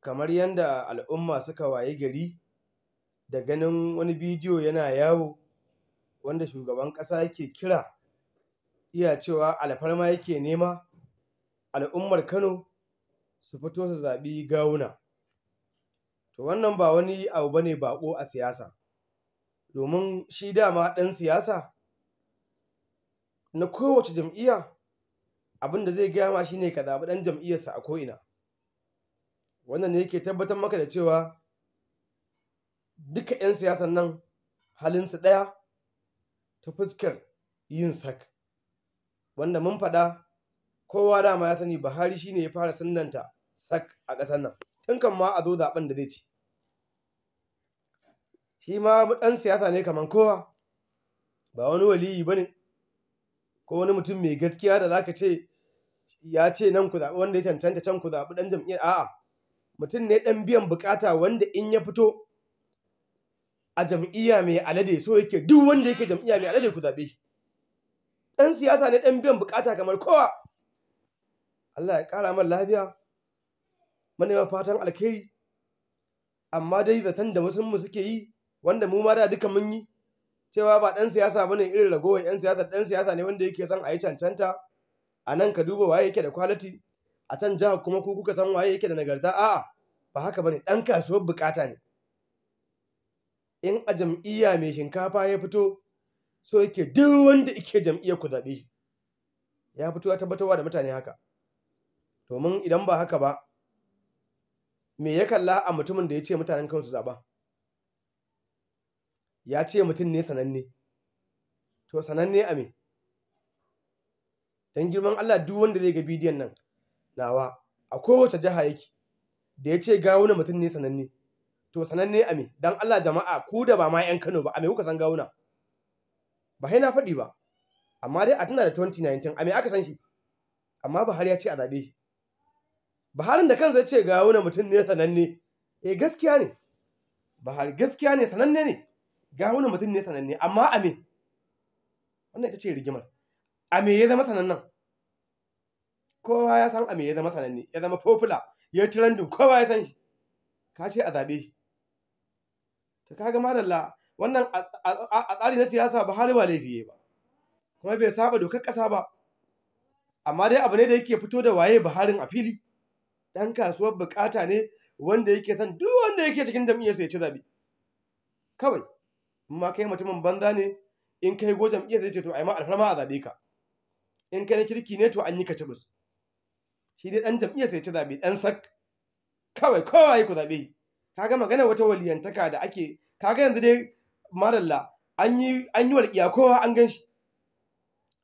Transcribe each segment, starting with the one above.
kamar yadda al'umma suka wayi gari da ganin wani bidiyo yana yawo wanda shugaban ƙasa yake kira iya cewa alfarma yake nema al'ummar kano su fito su zaɓi gawuna to wannan ba wani abu ba ne baƙo a siyasa domin shi dama ɗan siyasa na kowace jam'iyya abinda zai gaya ma shine ka zaɓi ɗan jam'iyyarsa a ko'ina wannan ne ke tabbatar maka da cewa duka 'yan siyasan nan halinsu ɗaya ta fuskar yin sak wanda mun faɗa kowa dama ya sani buhari shine ya fara sunanta sak a ƙasar nan tun kan ma a zo zaɓen da zai ci shi ma ɗan siyasa ne kamar kowa ba wani waliyi ba ne ko wani mutum mai gaskiya da zaka ce ya ce nan ku zaɓi wanda ya cancanta can ku zaɓi ɗan jam'iyyar a'a mutum ne ɗan biyan bukata wanda in ya fito a jam'iyya mai alade so yake duk wanda yake jam'iyya mai alade ku zaɓe shi ɗan siyasa ne ɗan biyan bukata kamar kowa Allah ya ƙara man lafiya manema fatan alkhairi amma dai zaton da wasu suke yi wanda mu ma da duka mun yi cewa ba ɗan siyasa bane irin ragowar 'yan siyasa ɗan siyasa ne wanda yake son a yi cancanta a nan ka duba waye yake da kwaliti a can jihar kuma ku kuka san waye yake da nagarta a'a ba haka bane dan kasuwar bukata ne in a jam'iyya mai shinkafa ya fito so yake duk wanda yake jam'iyyar ku zaɓe ya fito ya tabbatarwa da mutane haka domin idan ba haka ba me ya kalla a mutumin da ya ce mutanen kansu zaɓa ya ce mutum ne sananne to sananne a me dan girman Allah duk wanda zai ga bidiyon nan nawa a kowace jiha yake da ya ce gawuna mutum ne sananne to sananne a me dan Allah jama'a ku da ba ma yan Kano ba a me kuka san gawuna ba sai na faɗi ba amma dai a tana da 2019 a me aka san shi amma Buhari ya ce a zabe shi da kansa ya ce gawuna mutum ne sananne eh gaskiya ne Buhari gaskiya ne sananne ne gawuna mutum ne sananne amma a me wannan ita ce rigimar a me ya zama sanannan kowa ya san ame ya zama sananne ya zama fofula ya yi kowa ya san shi ka ce a zaɓe shi to kaga madalla wannan a tsari na siyasa ba har ba laifi ba kuma bai saba dokar kasa ba amma dai abu ne da yake fito da waye baharin a fili dan kasuwar bukata ne wanda yake son duk wanda yake cikin jam'iyyar sai ya ci zabe kawai amma kai mutumin banza ne in kai go jam'iyyar zai ce to ai ma alfarma a zabe ka in kai kirki ne to an yi ka ci musu. shi dai ɗan jam'iyyar sai ta zaɓe ɗan sak kawai kowa ya ku zaɓe Ka kaga magana wata waliyantaka da ake kaga yanzu dai maralla, an yi an yi walƙiya kowa an gan shi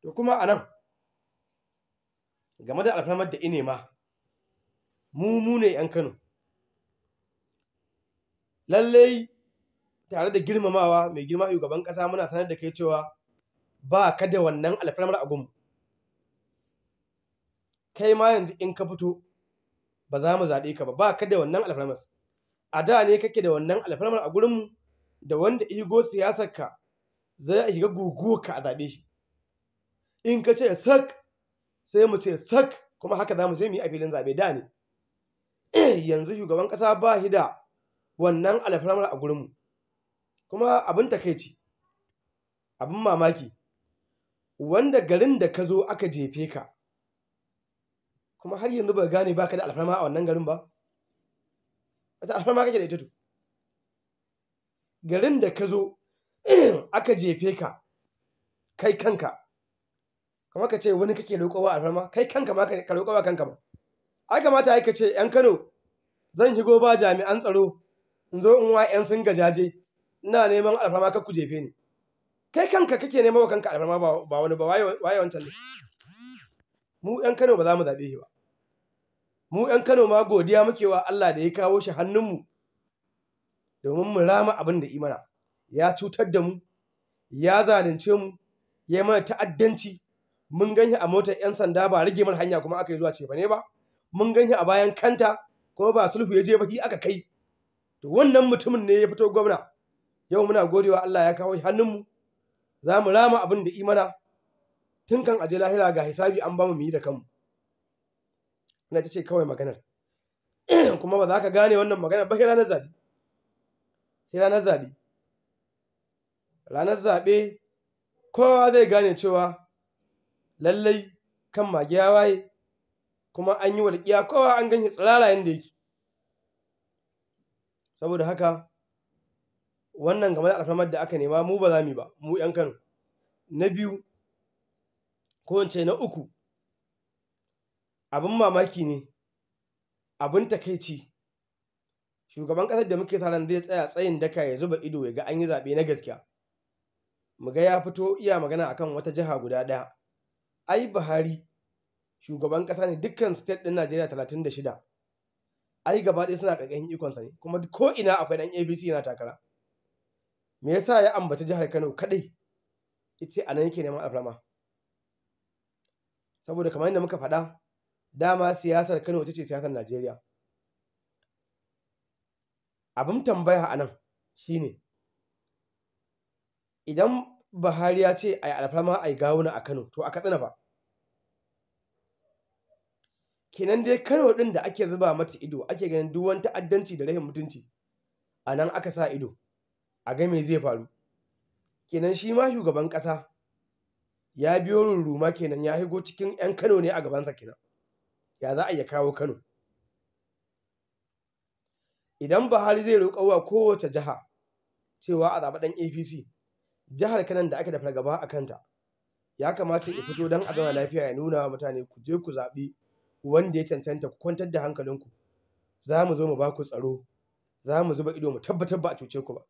to kuma a nan game da alfarmar da inema mu mu 'yan kano lallai tare da girmamawa mai girma gaban ƙasa muna sanar da kai cewa ba ka da wannan alfarmar a gunmu kai ma yanzu in ka fito ba za mu zaɓe ka ba ba ka da wannan alfarmar a da ne kake da wannan alfarmar a gurinmu da wanda igo siyasar ka zai a shiga guguwa ka a zaɓe shi in ka ce sak sai mu ce sak kuma haka za mu je mu yi a filin zaɓe da ne yanzu shugaban ƙasa ba shi da wannan alfarmar a gurinmu kuma abin takaici abin mamaki wanda garin da ka zo aka jefe ka kuma har yanzu ba gane ba ka da alfarma a wannan garin ba wata alfarma kake da ita to garin da ka zo aka jefe ka kai kanka kamar ka ce wani kake roƙowa alfarma kai kanka ma ka roƙowa kanka ma ai kamata ai ka ce yan Kano zan shigo ba jami'an tsaro in zo in wa yan sun gajaje ina neman alfarma ka ku jefe ni kai kanka kake neman wa kanka alfarma ba wani ba waye wancan ne mu yan Kano ba za mu zaɓe shi ba mu 'yan Kano ma godiya muke wa Allah da ya kawo shi hannunmu domin mu rama abin da imana ya cutar da mu ya zalunce mu ya mana ta'addanci mun ganye a motar 'yan sanda ba rage mana hanya kuma aka yi zuwa cefane ne ba mun ganye a bayan kanta kuma ba sulhu ya je baki aka kai to wannan mutumin ne ya fito gwamna yau muna godewa Allah ya kawo hannunmu za mu rama abin da imana tun kan aje lahira ga hisabi an ba mu yi da kanmu na ta ce kawai maganar kuma ba za ka gane wannan magana ba sai ranar zaɓe sai ranar zaɓe ranar zaɓe kowa zai gane cewa lallai kan magiya waye kuma an yi walƙiya kowa an ganye tsirara yadda yake saboda haka wannan game da alfamar da aka nema mu ba za mu ba mu 'yan kano na biyu ko na uku abin mamaki ne abin takaici shugaban ƙasar da muke ran zai tsaya tsayin daka ya zuba ido ya ga an yi zaɓe na gaskiya mu ga ya fito iya magana akan wata jiha guda ɗaya ai buhari shugaban ƙasa ne dukkan state ɗin najeriya talatin da shida ai gaba ɗaya suna ƙarƙashin ikonsa ne kuma ko ina akwai ɗan abc yana takara me yasa ya ambaci jihar kano kaɗai ita a nan yake neman alfarma saboda kamar yadda muka faɗa dama siyasar Kano ita ce siyasar Najeriya abin tambaya a nan shine idan Buhari ya ce a yi alfarma a yi gawuna a Kano to a Katsina ba kenan dai Kano din da ake zuba mata ido ake ganin duk ta'addanci da rahin mutunci a nan aka sa ido a ga zai faru kenan shi ma shugaban kasa. ya biyo ruruma kenan ya higo cikin 'yan Kano ne a gabansa kenan ya za a iya kawo Kano idan Buhari zai roƙa wa kowace jiha cewa a zaba ɗan APC jihar Kano da ake da fargaba a kanta ya kamata ya fito don a zama lafiya ya nuna wa mutane ku je ku zaɓi wanda ya cancanta ku kwantar da hankalinku za mu zo mu ba ku tsaro za mu zuba ido mu tabbatar ba a cuce ku ba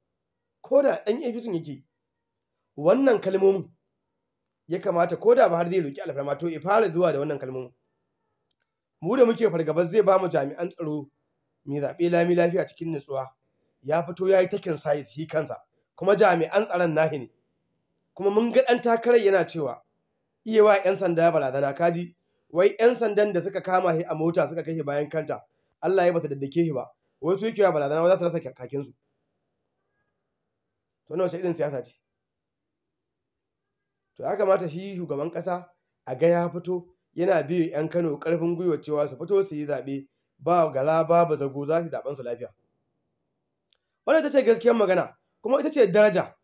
ko da ɗan APC yake wannan kalmomin ya kamata ko da Buhari zai roƙi alfarma to ya fara zuwa da wannan kalmomin mu da muke fargabar zai ba mu jami'an tsaro mai zaɓe lami lafiya cikin nutsuwa ya fito ya yi takin sayis hi kansa kuma jami'an tsaron nahi ne kuma mun ga ɗan takarar yana cewa iya wa 'yan sanda barazana kaji wai 'yan sandan da suka kama shi a mota suka kai shi bayan kanta Allah ya bata daddake shi ba wai su yake wa barazana wai za su rasa kakinsu to wace irin siyasa ce to ya kamata shi shugaban ƙasa a ga ya fito yana biyu 'yan Kano ƙarfin gwiwa cewa su fito su yi zaɓe ba gala ba ba, zago za su zaɓen su lafiya. Wannan ita ce gaskiyar magana kuma ita ce daraja.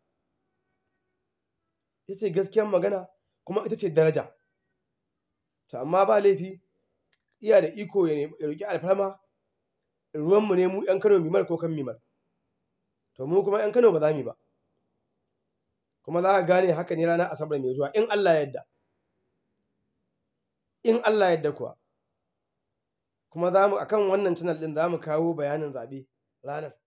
Ita ce gaskiyar magana kuma ita ce daraja. To amma ba laifi iya da iko ya roƙi alfarma ruwanmu ne mu 'yan Kano mimar ko kan mimar. To mu kuma 'yan Kano ba za mu ba. Kuma za ka gane haka ne ranar Asabar mai zuwa in Allah ya yarda. in Allah yadda kuwa kuma akan wannan channel ɗin za mu kawo bayanin zaɓe ranar